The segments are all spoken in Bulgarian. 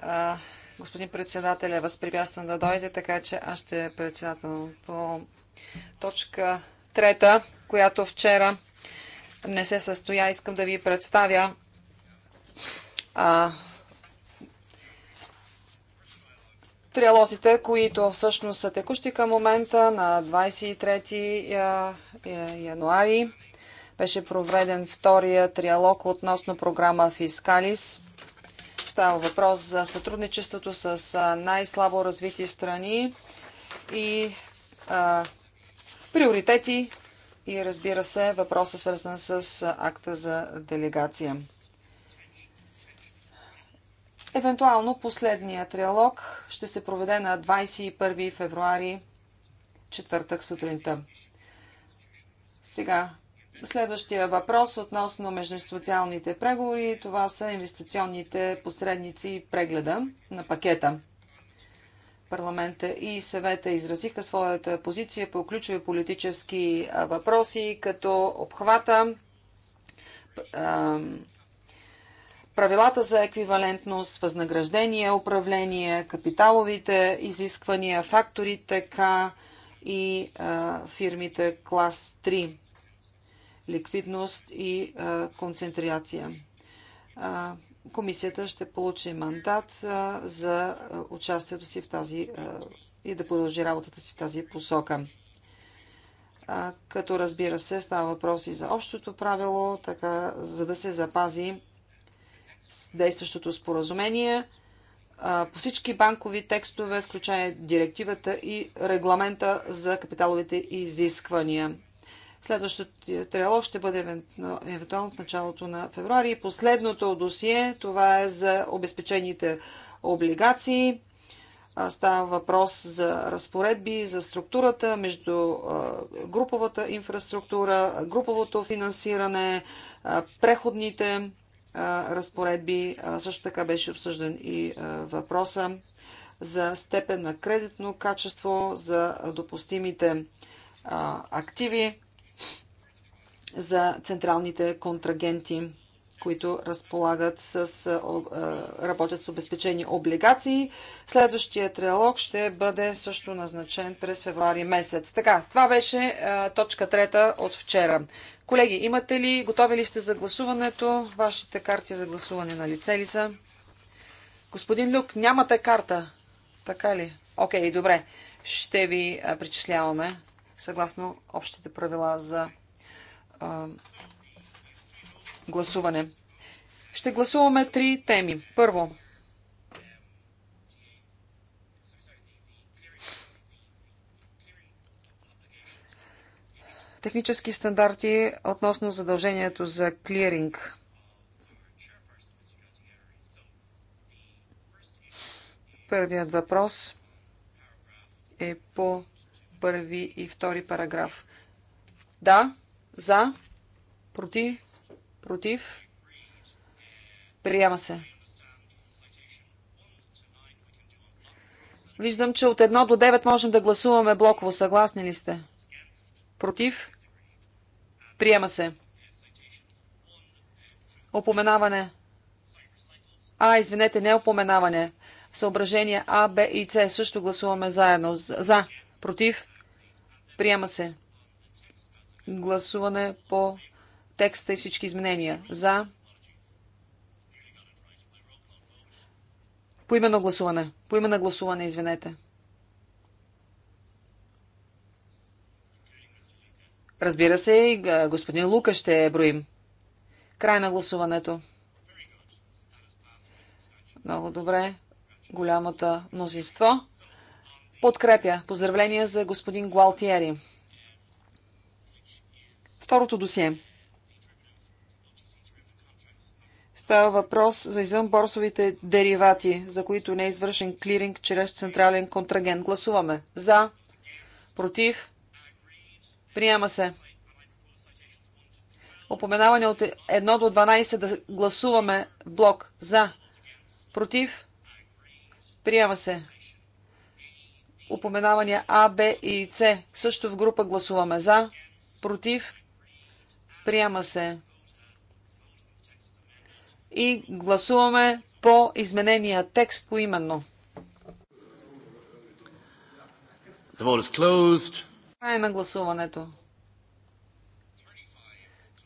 А, господин председател е възпрепятствам да дойде, така че аз ще председател по точка трета, която вчера не се състоя. Искам да ви представя а, триалозите, които всъщност са текущи към момента на 23 е, януари беше проведен втория триалог относно програма Фискалис. Става въпрос за сътрудничеството с най-слабо развити страни и а, приоритети и разбира се въпроса свързан с акта за делегация. Евентуално последния триалог ще се проведе на 21 февруари, четвъртък сутринта. Сега Следващия въпрос относно междуинституционалните преговори, това са инвестиционните посредници и прегледа на пакета. Парламента и съвета изразиха своята позиция по ключови политически въпроси, като обхвата, правилата за еквивалентност, възнаграждение, управление, капиталовите изисквания, факторите К и фирмите клас 3 ликвидност и концентрация. Комисията ще получи мандат за участието си в тази и да продължи работата си в тази посока. Като разбира се, става въпрос и за общото правило, така, за да се запази действащото споразумение по всички банкови текстове, включая директивата и регламента за капиталовите изисквания. Следващото триалог ще бъде евентуално в началото на февруари. последното досие, това е за обезпечените облигации. Става въпрос за разпоредби, за структурата между груповата инфраструктура, груповото финансиране, преходните разпоредби. Също така беше обсъждан и въпроса за степен на кредитно качество, за допустимите активи за централните контрагенти, които разполагат с, работят с обезпечени облигации. Следващия триалог ще бъде също назначен през февруари месец. Така, това беше точка трета от вчера. Колеги, имате ли, готови ли сте за гласуването? Вашите карти за гласуване на лице ли са? Господин Люк, нямате карта. Така ли? Окей, добре. Ще ви причисляваме съгласно общите правила за а, гласуване. Ще гласуваме три теми. Първо, технически стандарти относно задължението за клиринг. Първият въпрос е по първи и втори параграф. Да, за, против, против, приема се. Виждам, че от 1 до 9 можем да гласуваме блоково. Съгласни ли сте? Против? Приема се. Опоменаване. А, извинете, не опоменаване. Съображения А, Б и С също гласуваме заедно. За против, приема се. Гласуване по текста и всички изменения. За. Поименно гласуване. Поименно гласуване, извинете. Разбира се, и господин Лука ще броим. Край на гласуването. Много добре. Голямото мнозинство подкрепя. Поздравления за господин Гуалтиери. Второто досие. Става въпрос за извънборсовите деривати, за които не е извършен клиринг чрез централен контрагент. Гласуваме. За. Против. Приема се. Опоменаване от 1 до 12 да гласуваме блок. За. Против. Приема се упоменавания А, Б и С. Също в група гласуваме за, против, приема се. И гласуваме по изменения текст по именно. Край на гласуването.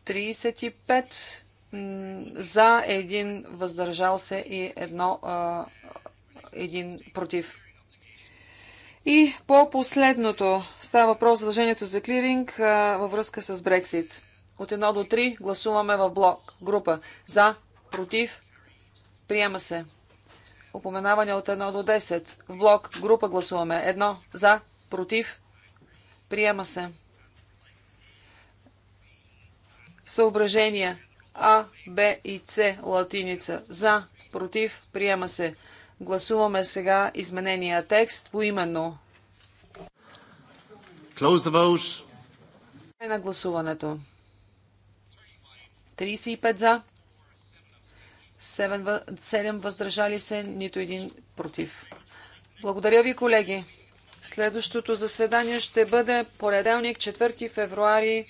35 за, един въздържал се и едно, а, един против. И по последното става въпрос за дължението за клиринг а, във връзка с Брексит. От 1 до 3 гласуваме в блок. Група. За, против, приема се. Опоменаване от 1 до 10. В блок. Група гласуваме. 1. За, против, приема се. Съображения. А, Б и С. Латиница. За, против, приема се. Гласуваме сега изменения текст по именно. Close the vote. На гласуването. 35 за, 7, въздържали се, нито един против. Благодаря ви, колеги. Следващото заседание ще бъде понеделник, 4 февруари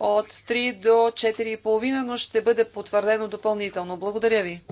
от 3 до 4.30, но ще бъде потвърдено допълнително. Благодаря ви.